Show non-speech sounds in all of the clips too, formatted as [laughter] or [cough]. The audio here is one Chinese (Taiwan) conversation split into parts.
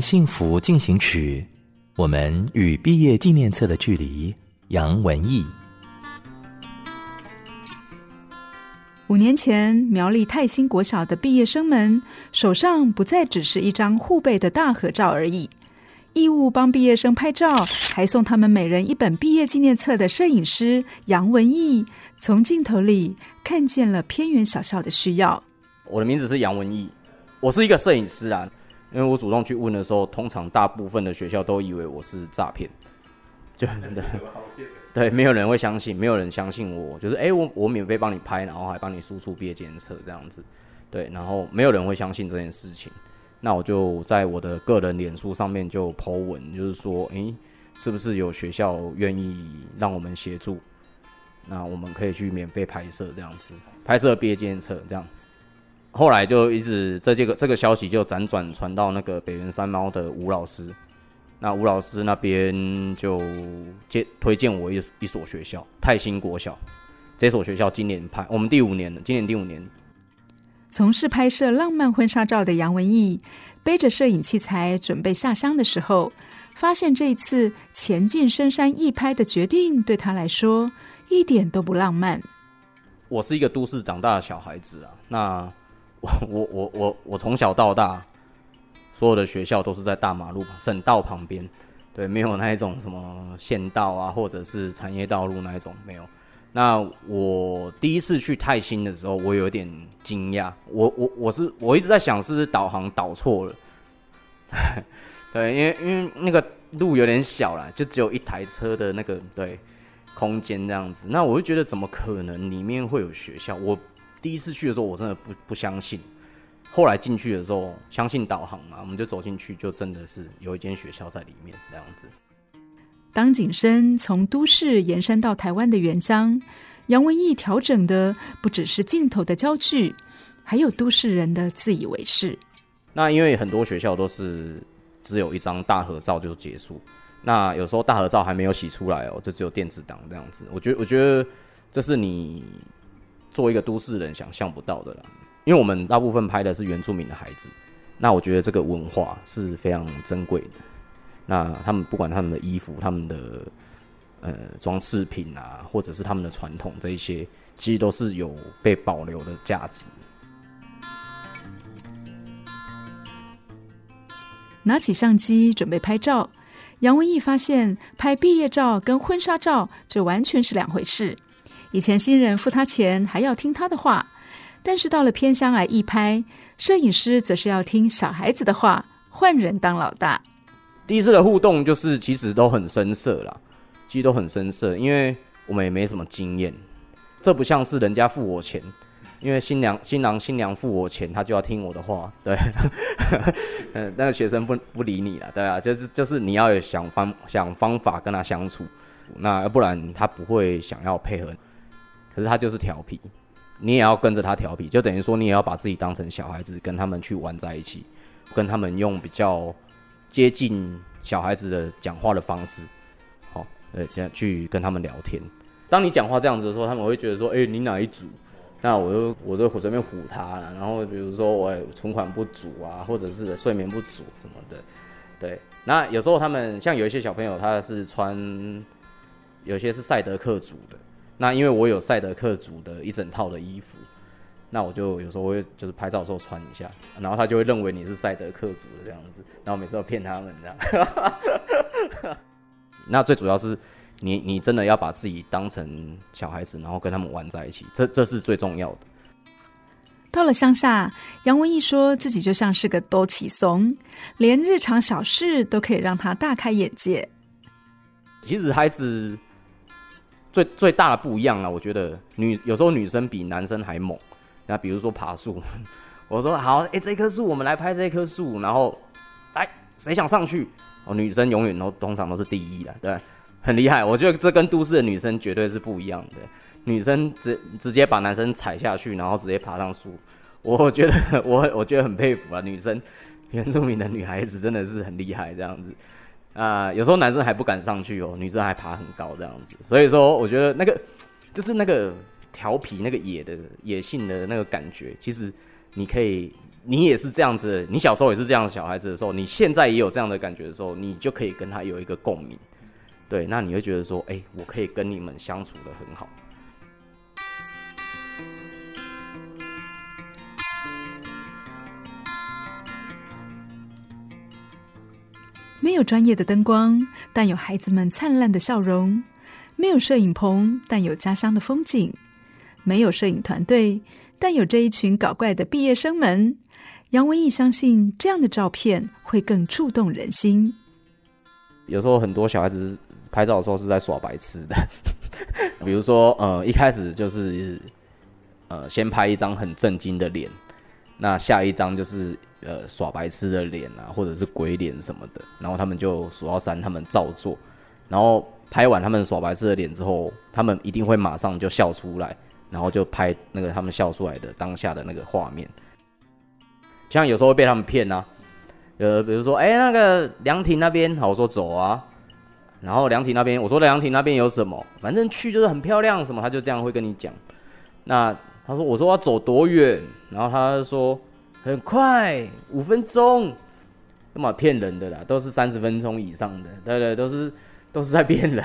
《幸福進行曲》，我們與畢業紀念冊的距離。楊文逸，五年前苗栗泰興國小的畢業生們手上不再只是一張護貝的大合照而已。義務幫畢業生拍照，還送他們每人一本畢業紀念冊的攝影師楊文逸，從鏡頭裡看見了偏遠小校的需要。我的名字是楊文逸，我是一個攝影師啊。因為我主動去問的時候，通常大部分的學校都以為我是詐騙，就真的，對，沒有人會相信，沒有人相信我，就是誒、欸，我我免費幫你拍，然後還幫你輸出畢業紀念冊這樣子，對，然後沒有人會相信這件事情，那我就在我的個人臉書上面就 Po 文，就是說，誒、欸，是不是有學校願意讓我們協助？那我們可以去免費拍攝這樣子，拍攝畢業紀念冊這樣子。後來就一直在這，這個這個消息就輾轉傳到那個北原山貓的吳老師，那吳老師那邊就接，推薦我一一所學校泰興國小，這所學校今年拍我們第五年了，今年第五年。從事拍攝浪漫婚紗照,照的楊文逸，背着攝影器材準備下鄉的時候，發現這一次前進深山一拍的決定對他來說一點都不浪漫。我是一個都市長大的小孩子啊，那。我我我我我從小到大，所有的學校都是在大馬路，省道旁邊，對，沒有那一種什麼縣道啊，或者是產業道路那一種沒有。那我第一次去泰興的時候，我有點驚訝，我我我是我一直在想，是不是導航導錯了？ [laughs] 對，因為因為那個路有點小啦，就只有一台車的那個對空間這樣子。那我就覺得，怎麼可能裡面會有學校？我。第一次去的時候，我真的不不相信。後來進去的時候，相信導航嘛，我們就走進去，就真的是有一間學校在裡面這樣子。當景深從都市延伸到台灣的原鄉，楊文逸調整的不只是鏡頭的焦距，還有都市人的自以為是。那因為很多學校都是只有一張大合照就結束，那有時候大合照還沒有洗出來喔，就只有電子檔這樣子。我覺得，我覺得這是你。做一個都市人想象不到的了，因為我們大部分拍的是原住民的孩子，那我覺得這個文化是非常珍貴的。那他們不管他們的衣服、他們的呃裝飾品啊，或者是他們的傳統，這一些其實都是有被保留的價值。拿起相機準備拍照，楊文逸發現拍畢業照跟婚紗照這完全是兩回事。以前新人付他錢還要聽他的話，但是到了偏鄉來一拍，攝影師則是要聽小孩子的話，換人當老大。第一次的互動就是其實都很生澀啦，其實都很生澀，因為我們也沒什麼經驗。這不像是人家付我錢，因為新娘、新郎、新娘付我錢，他就要聽我的話。對， [laughs] 但那學生不不理你了，對啊，就是就是你要有想方想方法跟他相處，那不然他不會想要配合你。可是他就是調皮，你也要跟着他調皮，就等於說你也要把自己當成小孩子，跟他們去玩在一起，跟他們用比較接近小孩子的講話的方式，好，呃，這樣，去跟他們聊天。當你講話這樣子的時候，他們會覺得說：“欸，你哪一組？”那我就我就隨便唬他了。然後比如說我存款不足啊，或者是睡眠不足什麼的，對。那有時候他們像有一些小朋友，他是穿，有些是賽德克族的。那因為我有賽德克族的一整套的衣服，那我就有時候會就是拍照的時候穿一下，然後他就會認為你是賽德克族的這樣子，然後每次都騙他們這樣。 [laughs] 那最主要是你你真的要把自己當成小孩子，然後跟他們玩在一起，這這是最重要的。到了鄉下，楊文逸說自己就像是個多起松，連日常小事都可以讓他大開眼界。其實孩子。最最大的不一樣啊，我覺得女有時候女生比男生還猛。那比如說爬樹，我說好，哎，這棵樹我們來拍這棵樹，然後，哎，誰想上去？哦，女生永遠都通常都是第一啦。對吧？很厲害，我覺得這跟都市的女生絕對是不一樣的。女生直直接把男生踩下去，然後直接爬上樹。我覺得我我覺得很佩服啊，女生，原住民的女孩子真的是很厲害，這樣子。啊、呃，有時候男生還不敢上去哦、喔，女生還爬很高這樣子，所以說我覺得那個就是那個調皮、那個野的、野性的那個感覺，其實你可以，你也是這樣子，你小時候也是這樣的小孩子的時候，你現在也有這樣的感覺的時候，你就可以跟他有一個共鳴，對，那你會覺得說，哎、欸，我可以跟你們相處得很好。沒有專業的燈光，但有孩子們燦爛的笑容；沒有攝影棚，但有家鄉的風景；沒有攝影團隊，但有這一群搞怪的畢業生們。楊文逸相信，這樣的照片會更觸動人心。有時候，很多小孩子拍照的時候是在耍白痴的， [laughs] 比如說，呃，一開始就是，呃，先拍一張很震驚的臉，那下一張就是。呃，耍白癡的臉啊，或者是鬼臉什麼的，然後他們就數到三，他們照做，然後拍完他們耍白癡的臉之後，他們一定會馬上就笑出來，然後就拍那個他們笑出來的當下的那個畫面。像有時候會被他們騙啊，呃，比如說，哎、欸，那個涼亭那邊，好，我說走啊，然後涼亭那邊，我說涼亭那邊有什麼？反正去就是很漂亮，什麼，他就這樣會跟你講。那他說，我說我要走多遠，然後他說。很快，五分鐘，那麼騙人的啦，都是三十分鐘以上的，對對，對，都是都是在騙人，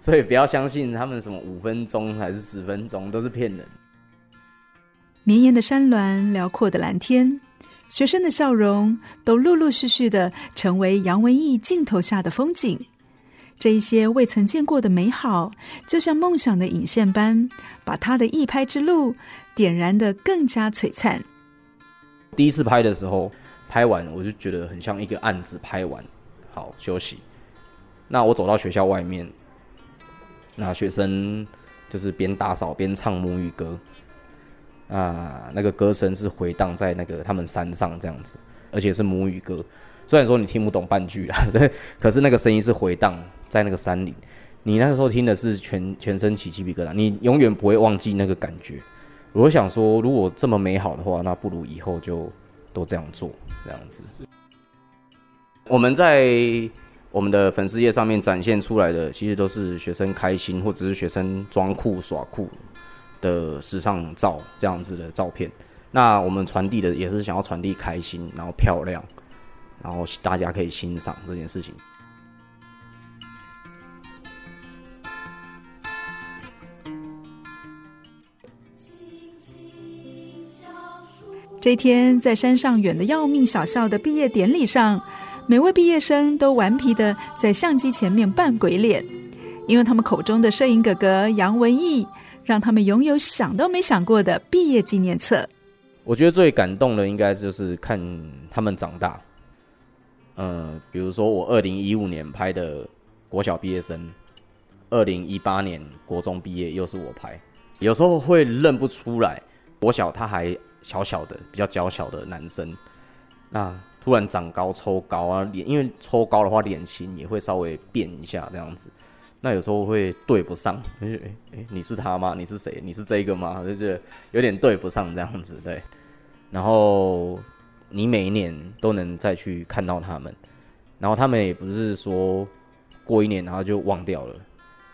所以不要相信他們什麼五分鐘還是十分鐘，都是騙人。綿延的山巒、遼闊的藍天、學生的笑容都陸陸續續的成為楊文逸鏡頭下的風景。這一些未曾見過的美好，就像夢想的引線般，把他的一拍之路點燃的更加璀璨。第一次拍的時候，拍完我就覺得很像一個案子。拍完，好休息。那我走到學校外面，那學生就是邊打掃邊唱母語歌，啊，那個歌聲是回盪在那個他們山上這樣子，而且是母語歌。雖然說你聽不懂半句啊，可是那個聲音是回盪在那個山林。你那個時候聽的是全全身起雞皮疙瘩，你永遠不會忘記那個感覺。我想說，如果這麼美好的話，那不如以後就都這樣做，這樣子。我們在我們的粉絲頁上面展現出來的，其實都是學生開心，或者是學生裝酷耍酷的時尚照，這樣子的照片。那我們傳遞的也是想要傳遞開心，然後漂亮，然後大家可以欣賞這件事情。這天在山上遠的要命小校的畢業典禮上，每位畢業生都頑皮的在相機前面扮鬼臉，因為他們口中的攝影哥哥楊文逸，讓他們擁有想都沒想過的畢業紀念冊。我覺得最感動的應該就是看他們長大。嗯、呃，比如說我二零一五年拍的國小畢業生，二零一八年國中畢業又是我拍，有時候會認不出來國小他還。小小的比較嬌小的男生，那突然長高抽高啊，臉因為抽高的話臉型也會稍微變一下這樣子，那有時候會對不上，欸欸欸、你是他嗎？你是誰？你是這個嗎？就覺得有點對不上這樣子對。然後你每一年都能再去看到他們，然後他們也不是說過一年然後就忘掉了，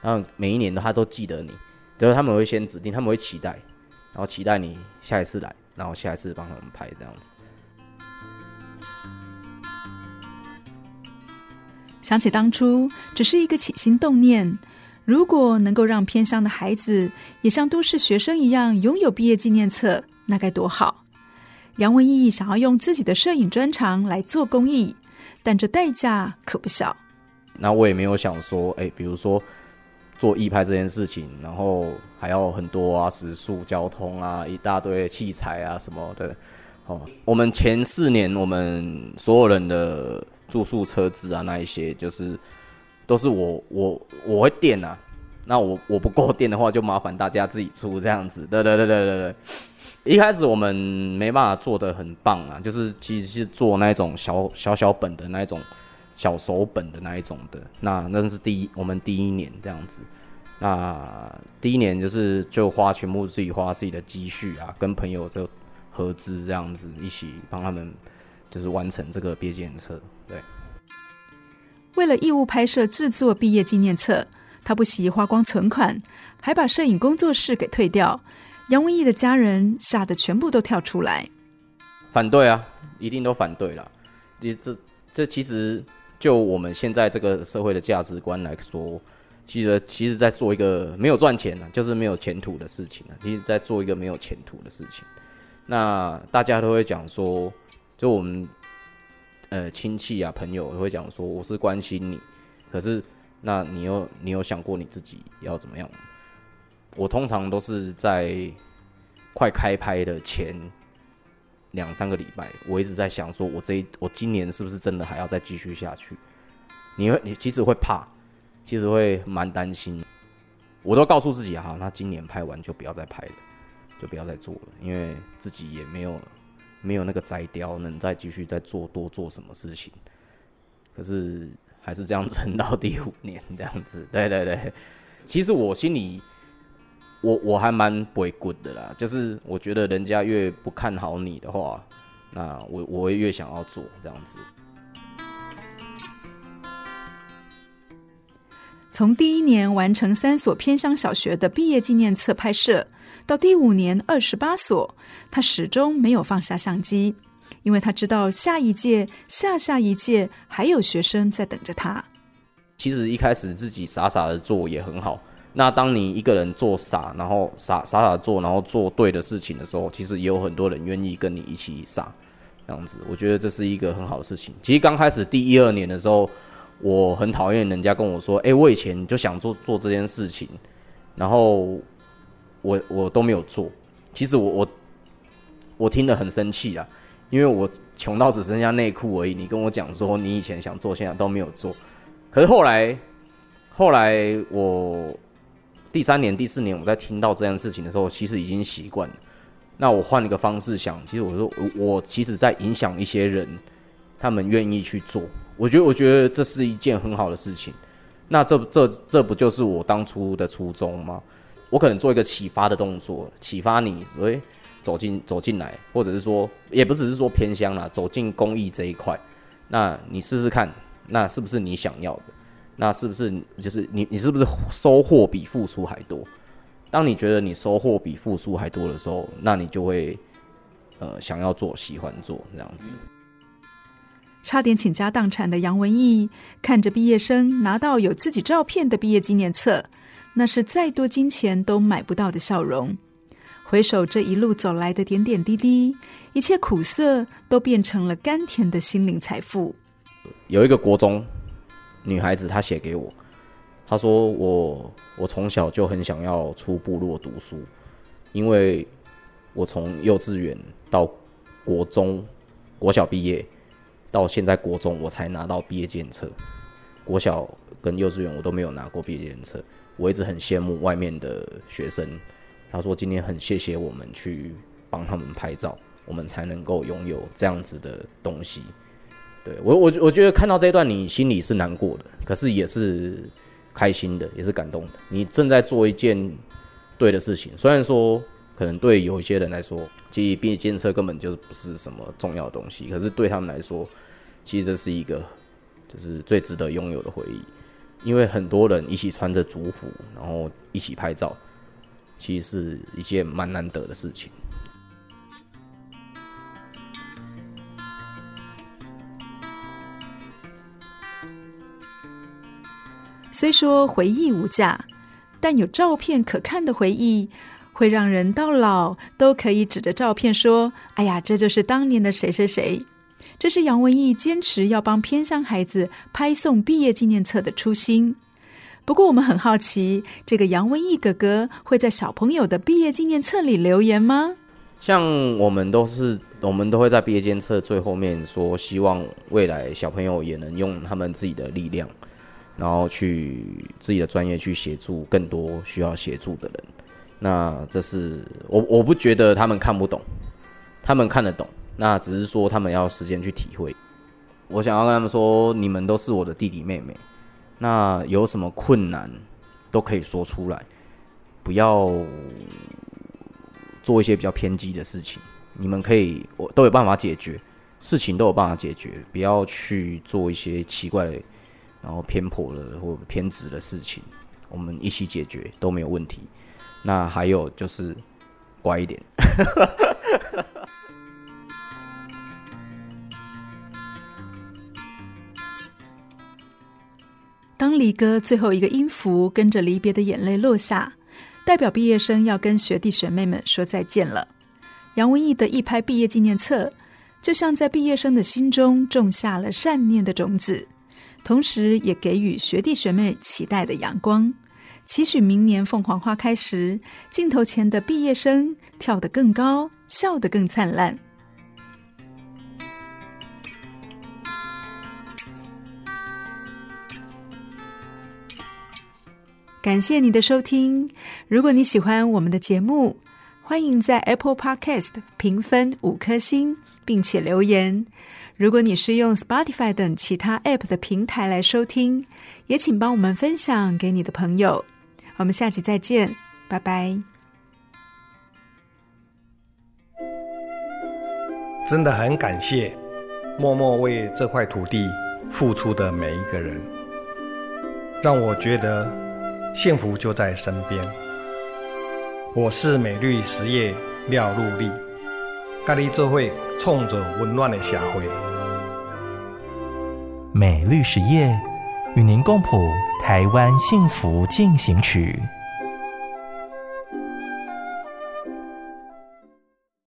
然後每一年都他都記得你，就是他們會先指定，他們會期待，然後期待你下一次來。然後我下一次幫他們拍這樣子。想起當初只是一個起心動念，如果能夠讓偏鄉的孩子也像都市學生一樣擁有畢業紀念冊，那該多好！楊文逸想要用自己的攝影專長來做公益，但這代價可不小。那我也沒有想說，哎，比如說做義拍這件事情，然後。還有很多啊，食宿、交通啊，一大堆器材啊什麼的。哦，我們前四年，我們所有人的住宿、車子啊，那一些就是都是我我我會墊啊。那我我不夠墊的話，就麻煩大家自己出這樣子。對對對對對對。一開始我們沒辦法做得很棒啊，就是其實是做那種小小小本的那種小手本的那一種的。那那是第一，我們第一年這樣子。那第一年就是就花全部自己花自己的積蓄啊，跟朋友就合資這樣子一起幫他們，就是完成這個畢業紀念冊。對，為了義務拍攝制作畢業紀念冊，他不惜花光存款，還把攝影工作室給退掉。楊文逸的家人嚇得全部都跳出來，反對啊，一定都反對了。你這這其實就我們現在這個社會的價值觀來說。其實，其實，在做一個沒有賺錢啊，就是沒有前途的事情啊。其實，在做一個沒有前途的事情，那大家都會講說，就我們呃親戚啊、朋友會講說，我是關心你，可是那你又你有想過你自己要怎麼樣？我通常都是在快開拍的前兩三個禮拜，我一直在想說，我這一我今年是不是真的還要再繼續下去？你會，你其實會怕。其實會蠻擔心，我都告訴自己、啊，哈。那今年拍完就不要再拍了，就不要再做了，因為自己也沒有沒有那個摘雕能再繼續再做多做什麼事情。可是還是這樣撐到第五年這樣子，對對對。其實我心裡，我我還蠻不會滾的啦，就是我覺得人家越不看好你的話，那我我會越想要做這樣子。從第一年完成三所偏鄉小學的畢業紀念冊拍攝，到第五年二十八所，他始終沒有放下相機，因為他知道下一屆、下下一屆還有學生在等着他。其實一開始自己傻傻的做也很好。那當你一個人做傻，然後傻傻傻做，然後做對的事情的時候，其實也有很多人願意跟你一起傻，這樣子，我覺得這是一個很好的事情。其實剛開始第一二年的時候。我很討厭人家跟我說：“誒、欸，我以前就想做做這件事情，然後我我都沒有做。”其實我我我聽得很生氣啊，因為我窮到只剩下內褲而已。你跟我講說你以前想做，現在都沒有做，可是後來後來我第三年、第四年，我在聽到這件事情的時候，其實已經習慣了。那我換一個方式想，其實我說我，我其實在影響一些人，他們願意去做。我覺得，我覺得這是一件很好的事情。那這這這不就是我當初的初衷嗎？我可能做一個啟發的動作，啟發你，誒，走進走進來，或者是說，也不只是說偏鄉啦，走進公益這一塊。那你試試看，那是不是你想要的？那是不是就是你你是不是收穫比付出還多？當你覺得你收穫比付出還多的時候，那你就會呃想要做，喜歡做這樣子。差點傾家蕩產的楊文逸看着畢業生拿到有自己照片的畢業紀念冊，那是再多金錢都買不到的笑容。回首這一路走來的點點滴滴，一切苦澀都變成了甘甜的心靈財富。有一個國中女孩子，她寫給我，她說我：“我我從小就很想要出部落讀書，因為我從幼稚園到國中國小畢業。”到現在國中我才拿到畢業紀念冊。國小跟幼稚園我都沒有拿過畢業紀念冊。我一直很羨慕外面的學生。他說今天很謝謝我們去幫他們拍照，我們才能夠擁有這樣子的東西。對我我我覺得看到這一段你心裡是難過的，可是也是開心的，也是感動的。你正在做一件對的事情，雖然說。可能對有些人來說，其實畢業紀念冊根本就是不是什麼重要的東西。可是對他們來說，其實這是一個就是最值得擁有的回憶，因為很多人一起穿着族服，然後一起拍照，其實是一件蠻難得的事情。雖說回憶無價，但有照片可看的回憶。會讓人到老都可以指着照片說：“哎呀，這就是當年的誰誰誰。”這是楊文逸堅持要幫偏鄉孩子拍送畢業紀念冊的初心。不過，我們很好奇，這個楊文逸哥哥會在小朋友的畢業紀念冊裡留言嗎？像我們都是，我們都會在畢業紀念冊最後面說，希望未來小朋友也能用他們自己的力量，然後去自己的專業去協助更多需要協助的人。那這是我我不覺得他們看不懂，他們看得懂，那只是說他們要時間去體會。我想要跟他們說，你們都是我的弟弟妹妹，那有什麼困難都可以說出來，不要做一些比較偏激的事情。你們可以，我都有辦法解決，事情都有辦法解決，不要去做一些奇怪的，然後偏頗的或偏執的事情，我們一起解決都沒有問題。那還有就是，乖一點。 [laughs] 當離歌最後一個音符跟着離別的眼淚落下，代表畢業生要跟學弟學妹們說再見了。楊文逸的一拍畢業紀念冊，就像在畢業生的心中種下了善念的種子，同時也給予學弟學妹期待的陽光。期許明年鳳凰花開時，鏡頭前的畢業生跳得更高，笑得更燦爛。感謝你的收聽。如果你喜歡我們的節目，歡迎在 Apple Podcast 評分五顆星，並且留言。如果你是用 Spotify 等其他 App 的平台來收聽，也請幫我們分享給你的朋友。我們下期再見，拜拜！真的很感謝默默為這塊土地付出的每一個人，讓我覺得幸福就在身邊。我是美律實業廖祿立，咖哩作會衝着溫暖的霞暉，美律實業與您共譜。台灣幸福進行曲。